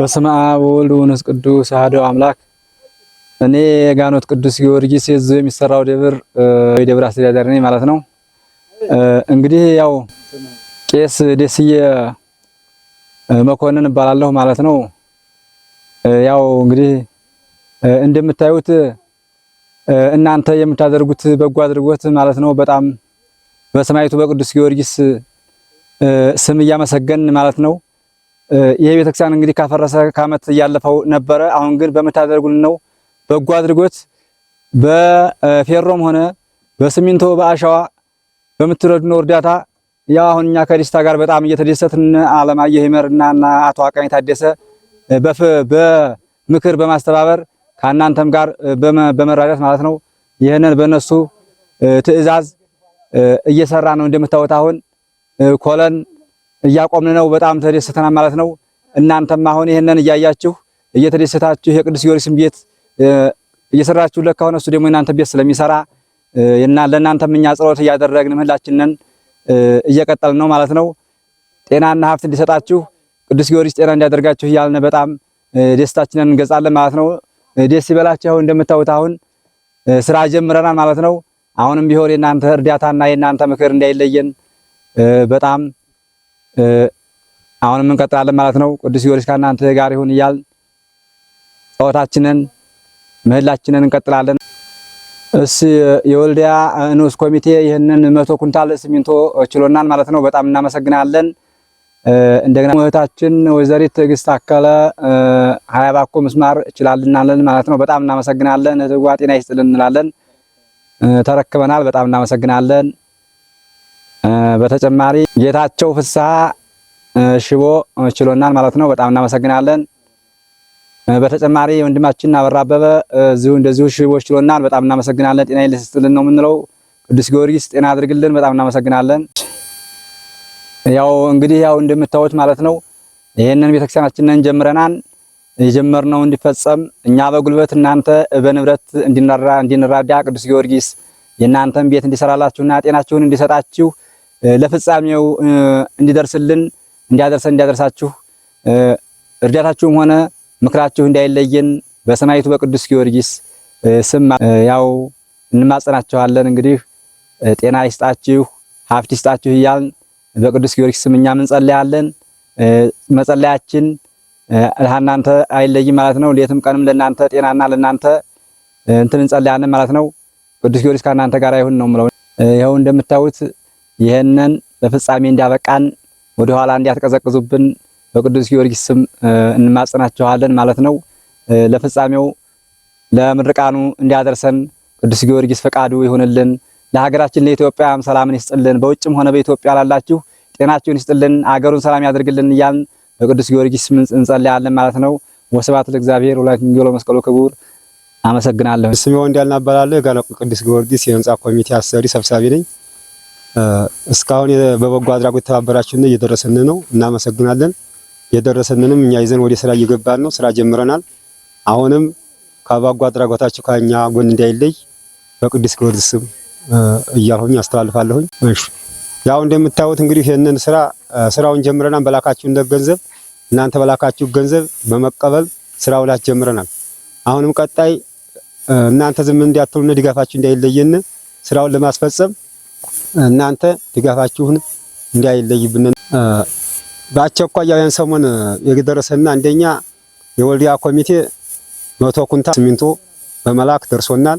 በስመ አብ ወወልድ ወመንፈስ ቅዱስ አሐዱ አምላክ። እኔ የጋኖት ቅዱስ ጊዮርጊስ የዚህ የሚሰራው ደብር የደብር አስተዳዳሪ ነኝ ማለት ነው። እንግዲህ ያው ቄስ ደስዬ መኮንን እባላለሁ ማለት ነው። ያው እንግዲህ እንደምታዩት እናንተ የምታደርጉት በጎ አድርጎት ማለት ነው በጣም በሰማይቱ በቅዱስ ጊዮርጊስ ስም እያመሰገን ማለት ነው ይሄ ቤተክርስቲያን እንግዲህ ካፈረሰ ከዓመት እያለፈው ነበረ። አሁን ግን በምታደርጉልን ነው በጎ አድርጎት በፌሮም ሆነ በሲሚንቶ በአሸዋ በምትረዱን እርዳታ ያው አሁን እኛ ከደስታ ጋር በጣም እየተደሰትን አለማየሁ ይመርና እና አቶ አቀኝ ታደሰ በምክር በማስተባበር ከእናንተም ጋር በመራዳት ማለት ነው ይህንን በእነሱ ትዕዛዝ እየሰራ ነው። እንደምታወት አሁን ኮለን እያቆምን ነው። በጣም ተደስተናል ማለት ነው። እናንተም አሁን ይሄንን እያያችሁ እየተደሰታችሁ የቅዱስ ጊዮርጊስን ቤት እየሰራችሁ ለካሁን እሱ ደግሞ እናንተ ቤት ስለሚሰራ እና ለእናንተም እኛ ጸሎት እያደረግን ምህላችንን እየቀጠልን ነው ማለት ነው። ጤናና ሀብት እንዲሰጣችሁ ቅዱስ ጊዮርጊስ ጤና እንዲያደርጋችሁ እያልን በጣም ደስታችንን እንገልጻለን ማለት ነው። ደስ ይበላችሁ። አሁን እንደምታዩት አሁን ስራ ጀምረናል ማለት ነው። አሁንም ቢሆን የእናንተ እርዳታና የእናንተ ምክር እንዳይለየን በጣም አሁንም እንቀጥላለን ማለት ነው። ቅዱስ ጊዮርጊስ ከእናንተ ጋር ይሁን እያል ጸሎታችንን ምህላችንን እንቀጥላለን። እስ የወልዲያ ንዑስ ኮሚቴ ይህንን መቶ ኩንታል ሲሚንቶ ችሎናል ማለት ነው። በጣም እናመሰግናለን። እንደገና እህታችን ወይዘሪት ትዕግስት አከለ ሀያ ባኮ ምስማር ችላልናለን ማለት ነው። በጣም እናመሰግናለን። እህትዋ ጤና ይስጥልን እንላለን። ተረክበናል። በጣም እናመሰግናለን። በተጨማሪ ጌታቸው ፍስሐ ሽቦ ችሎናል ማለት ነው። በጣም እናመሰግናለን። በተጨማሪ ወንድማችን አበራ አበበ እዚሁ እንደዚሁ ሽቦ ችሎናል። በጣም እናመሰግናለን። ጤና ይስጥልን ነው የምንለው። ቅዱስ ጊዮርጊስ ጤና አድርግልን በጣም እናመሰግናለን። ያው እንግዲህ ያው እንደምታዩት ማለት ነው ይህንን ቤተክርስቲያናችንን ጀምረናን የጀመርነው እንዲፈጸም እኛ በጉልበት እናንተ በንብረት እንድንራዳ ቅዱስ ጊዮርጊስ የእናንተን ቤት እንዲሰራላችሁና ጤናችሁን እንዲሰጣችሁ ለፍጻሜው እንዲደርስልን እንዲያደርሰን እንዲያደርሳችሁ እርዳታችሁም ሆነ ምክራችሁ እንዳይለየን በሰማይቱ በቅዱስ ጊዮርጊስ ስም ያው እንማጸናችኋለን። እንግዲህ ጤና ይስጣችሁ፣ ሀብት ይስጣችሁ እያልን በቅዱስ ጊዮርጊስ ስም እኛም እንጸለያለን። መጸለያችን እናንተ አይለይም ማለት ነው። ሌትም ቀንም ለእናንተ ጤናና ለእናንተ እንትን እንጸለያለን ማለት ነው። ቅዱስ ጊዮርጊስ ከእናንተ ጋር ይሁን ነው የምለው። ይኸው እንደምታዩት ይህንን ለፍጻሜ እንዳበቃን ወደ ኋላ እንዲያትቀዘቅዙብን በቅዱስ ጊዮርጊስ ስም እንማጽናችኋለን ማለት ነው። ለፍጻሜው ለምርቃኑ እንዲያደርሰን ቅዱስ ጊዮርጊስ ፈቃዱ ይሁንልን። ለሀገራችን ለኢትዮጵያም ሰላምን ይስጥልን። በውጭም ሆነ በኢትዮጵያ ላላችሁ ጤናችሁን ይስጥልን፣ አገሩን ሰላም ያደርግልን እያልን በቅዱስ ጊዮርጊስ ስም እንጸልያለን ማለት ነው። ወስብሐት ለእግዚአብሔር ወለመስቀሉ መስቀሉ ክቡር። አመሰግናለሁ። ስሜው እንዳልናበላለሁ የጋና ቅዱስ ጊዮርጊስ የህንፃ ኮሚቴ አሰሪ ሰብሳቢ ነኝ። እስካሁን በበጎ አድራጎት የተባበራችሁን እየደረሰን ነው፣ እናመሰግናለን። የደረሰንንም እኛ ይዘን ወደ ስራ እየገባን ነው፣ ስራ ጀምረናል። አሁንም ከበጎ አድራጎታችሁ ከኛ ጎን እንዳይለይ በቅዱስ ጊዮርጊስ ስም እያልሁኝ አስተላልፋለሁኝ። ያው እንደምታዩት እንግዲህ ይህንን ስራ ስራውን ጀምረናል። በላካችሁ ገንዘብ እናንተ በላካችሁ ገንዘብ በመቀበል ስራው ላይ ጀምረናል። አሁንም ቀጣይ እናንተ ዝም እንዳትሉን ድጋፋችሁ እንዳይለየን ስራውን ለማስፈጸም እናንተ ድጋፋችሁን እንዳይለይብን። በአስቸኳይ ሰሞን የደረሰና አንደኛ የወልዲያ ኮሚቴ መቶ ኩንታ ሲሚንቶ በመላክ ደርሶናል።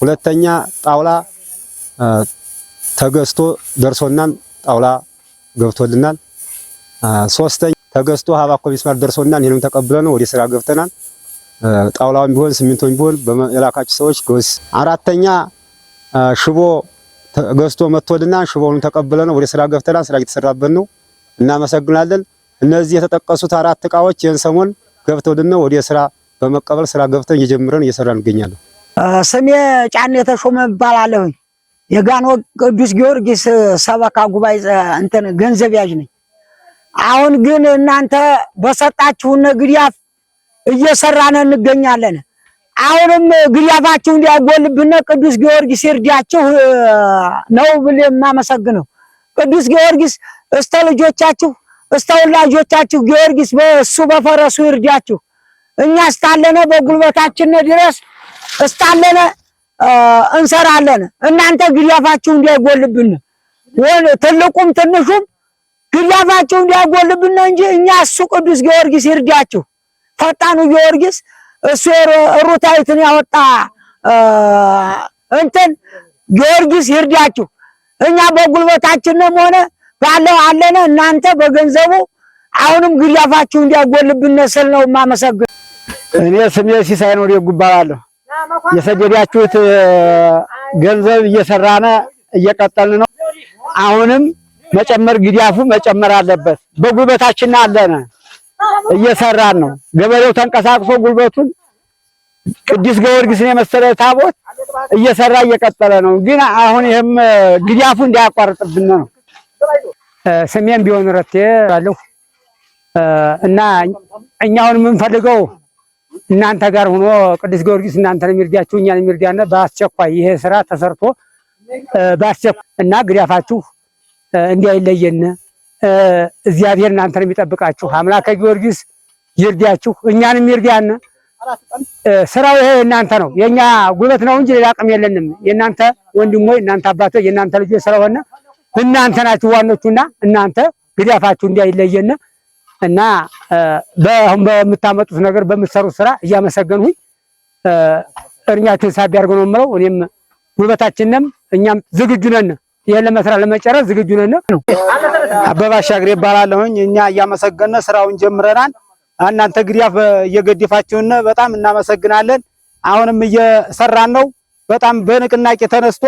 ሁለተኛ ጣውላ ተገዝቶ ደርሶናል። ጣውላ ገብቶልናል። ሶስተኛ ተገዝቶ ሀባኮ ሚስማር ደርሶናል። ይሄንም ተቀብለን ወደ ስራ ገብተናል። ጣውላውም ቢሆን ሲሚንቶም ቢሆን የላካችሁ ሰዎች ገዝ አራተኛ ሽቦ ገዝቶ መጥቶልና ሽቦውን ተቀብለ ነው ወደ ስራ ገብተና ስራ እየተሰራበት ነው። እናመሰግናለን። እነዚህ የተጠቀሱት አራት እቃዎች ይህን ሰሞን ገብተውልና ወደ ስራ በመቀበል ስራ ገብተን እየጀምረን እየሰራን እንገኛለን። ስሜ ጫን የተሾመ እባላለሁ። የጋኖ ቅዱስ ጊዮርጊስ ሰበካ ጉባኤ እንትን ገንዘብ ያዥ ነኝ። አሁን ግን እናንተ በሰጣችሁን ግድያፍ እየሰራን እንገኛለን። አሁንም ግሪያፋቸው እንዲያጎልብህና ቅዱስ ጊዮርጊስ ይርዳችሁ ነው ብል የማመሰግነው። ቅዱስ ጊዮርጊስ እስተ ልጆቻችሁ እስተ ወላጆቻችሁ ጊዮርጊስ በእሱ በፈረሱ ይርዳችሁ። እኛ እስታለነ በጉልበታችን ድረስ እስታለነ እንሰራለን። እናንተ ግሪያፋችሁ እንዲያጎልብን ትልቁም ትንሹም ግሪያፋችሁ እንዲያጎልብን እንጂ እኛ እሱ ቅዱስ ጊዮርጊስ ይርዳችሁ። ፈጣኑ ጊዮርጊስ እሱ ሩታዊትን ያወጣ እንትን ጊዮርጊስ ይርዳችሁ። እኛ በጉልበታችንም ሆነ ባለው አለነ፣ እናንተ በገንዘቡ አሁንም ግዳፋችሁ እንዲያጎልብን ስል ነው የማመሰግን። እኔ ስሜ ሲሳይ ነው ይባላለሁ። የሰደዳችሁት ገንዘብ እየሰራነ እየቀጠልን ነው። አሁንም መጨመር ግዳፉ መጨመር አለበት። በጉልበታችን አለነ እየሰራን ነው። ገበሬው ተንቀሳቅሶ ጉልበቱን ቅዱስ ጊዮርጊስን የመሰለ ታቦት እየሰራ እየቀጠለ ነው። ግን አሁን ይህም ግዳፉ እንዳያቋርጥብን ነው። ስሜም ቢሆን ረቴ አለሁ እና እኛ አሁን የምንፈልገው እናንተ ጋር ሆኖ ቅዱስ ጊዮርጊስ እናንተ ነው የሚርዳችሁ፣ ነው የሚርዳነ በአስቸኳይ ይሄ ስራ ተሰርቶ በአስቸኳይ እና ግዳፋችሁ እንዳይለየን እግዚአብሔር እናንተን የሚጠብቃችሁ አምላከ ጊዮርጊስ ይርዳችሁ፣ እኛንም ይርዳን። ስራው ይሄ እናንተ ነው። የኛ ጉልበት ነው እንጂ ሌላ አቅም የለንም። የእናንተ ወንድሞች፣ እናንተ አባቶ፣ የእናንተ ልጆች ስለሆነ እናንተ ናችሁ ዋኖቹና እናንተ ግዳፋችሁ እንዳይለየን እና በምታመጡት ነገር በምትሰሩት ስራ እያመሰገንሁኝ እርኛችሁን ሳቢ አድርገው ነው የምለው። እኔም ጉልበታችንንም እኛም ዝግጁ ነን። ይህን ለመስራት ለመጨረስ ዝግጁ ነን ነው። አበባ አሻግሬ እባላለሁኝ። እኛ እያመሰገነ ስራውን ጀምረናል። እናንተ ግዳፍ እየገደፋችሁን በጣም እናመሰግናለን። አሁንም እየሰራን ነው። በጣም በንቅናቄ ተነስቶ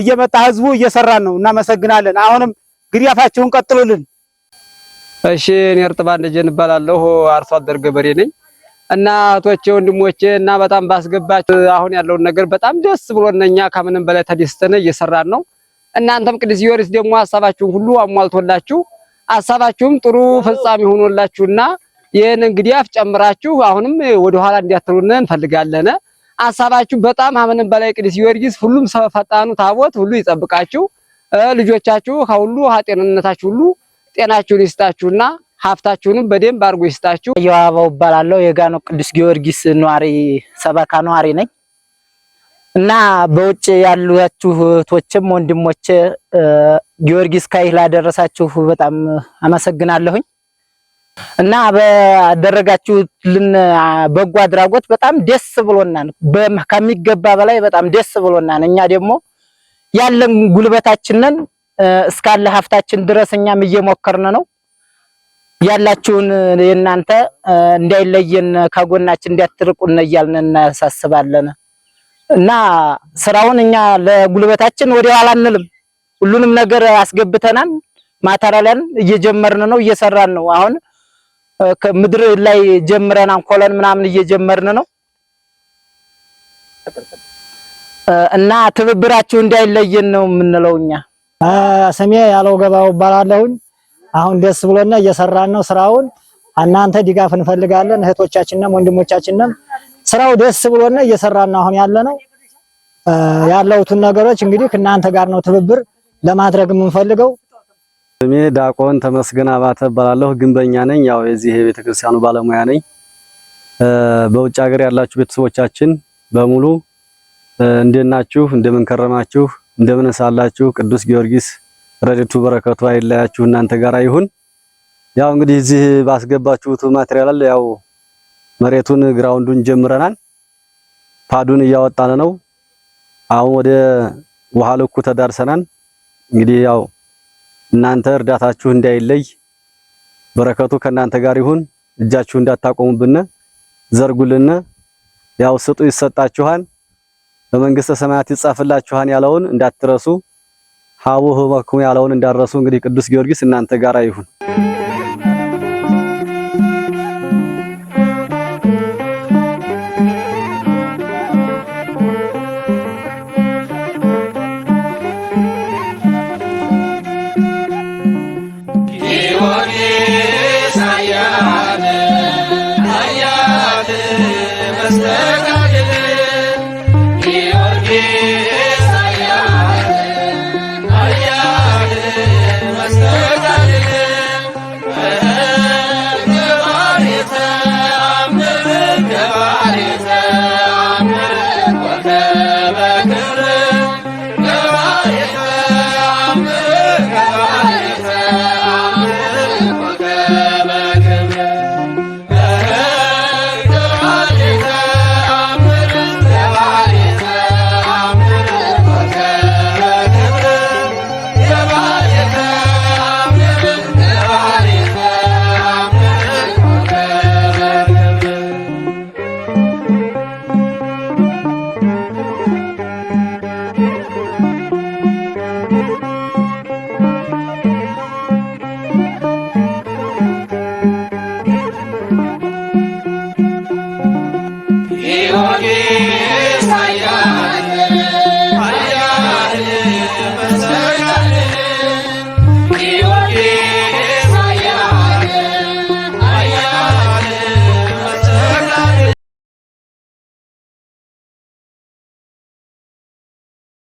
እየመጣ ህዝቡ እየሰራን ነው። እናመሰግናለን። አሁንም ግዳፋችሁን ቀጥሉልን። እሺ። እኔ እርጥባን ደጀን እባላለሁ። አርሶ አደር ገበሬ ነኝ እና እህቶቼ ወንድሞቼ እና በጣም ባስገባችሁ አሁን ያለውን ነገር በጣም ደስ ብሎን እኛ ከምንም በላይ ተደስተነ እየሰራን ነው። እናንተም ቅዱስ ጊዮርጊስ ደግሞ ሀሳባችሁን ሁሉ አሟልቶላችሁ ሀሳባችሁም ጥሩ ፍጻሜ ሆኖላችሁና ይህን እንግዲህ አፍ ጨምራችሁ አሁንም ወደኋላ እንዲያትሉን እንፈልጋለን። ሀሳባችሁ በጣም አመንን በላይ ቅዱስ ጊዮርጊስ ሁሉም ፈጣኑ ታቦት ሁሉ ይጠብቃችሁ። ልጆቻችሁ ከሁሉ ጤንነታችሁ ሁሉ ጤናችሁን ይስጣችሁና ሀብታችሁንም በደንብ አድርጎ ይስጣችሁ። የዋባው እባላለሁ የጋኖ ቅዱስ ጊዮርጊስ ነዋሪ ሰበካ ነዋሪ ነኝ። እና በውጭ ያላችሁ እህቶችም ወንድሞች ጊዮርጊስ ካይ ላደረሳችሁ በጣም አመሰግናለሁኝ እና ባደረጋችሁልን በጎ አድራጎት በጣም ደስ ብሎናል። ከሚገባ በላይ በጣም ደስ ብሎናል። እኛ ደግሞ ያለን ጉልበታችንን እስካለ ሀብታችን ድረስ እኛም እየሞከርን ነው። ያላችሁን የእናንተ እንዳይለየን ከጎናችን እንዲያትርቁን እያልን እናሳስባለን። እና ስራውን እኛ ለጉልበታችን ወደ ኋላ አንልም። ሁሉንም ነገር አስገብተናል። ማተሪያልን እየጀመርን ነው፣ እየሰራን ነው። አሁን ከምድር ላይ ጀምረን ኮለን ምናምን እየጀመርን ነው እና ትብብራችሁ እንዳይለየን ነው የምንለው። እኛ ስሜ ያለው ገባው እባላለሁኝ። አሁን ደስ ብሎና እየሰራን ነው ስራውን። እናንተ ድጋፍ እንፈልጋለን እህቶቻችንንም ወንድሞቻችንም። ስራው ደስ ብሎና እየሰራና አሁን ያለ ነው ያለውቱን ነገሮች እንግዲህ ከእናንተ ጋር ነው ትብብር ለማድረግ የምንፈልገው። እኔ ዳቆን ተመስገን አባተ እባላለሁ። ግንበኛ ነኝ። ያው የዚህ ክርስቲያኑ ባለሙያ ነኝ። በውጭ ሀገር ያላችሁ ቤተሰቦቻችን በሙሉ እንደናችሁ እንደምንከረማችሁ፣ እንደምን ቅዱስ ጊዮርጊስ ረድቱ በረከቱ አይለያችሁ እናንተ ጋር ይሁን። ያው እንግዲህ እዚህ ባስገባችሁት ማቴሪያል ያው መሬቱን ግራውንዱን ጀምረናል። ፓዱን እያወጣን ነው። አሁን ወደ ውሃ ልኩ ተዳርሰናል። እንግዲህ ያው እናንተ እርዳታችሁ እንዳይለይ፣ በረከቱ ከእናንተ ጋር ይሁን። እጃችሁ እንዳታቆሙብን፣ ዘርጉልን። ያው ስጡ ይሰጣችኋል፣ በመንግስተ ሰማያት ይጻፍላችኋል ያለውን እንዳትረሱ፣ ሀቡ ህበኩም ያለውን እንዳረሱ። እንግዲህ ቅዱስ ጊዮርጊስ እናንተ ጋር ይሁን። Hare Georgie!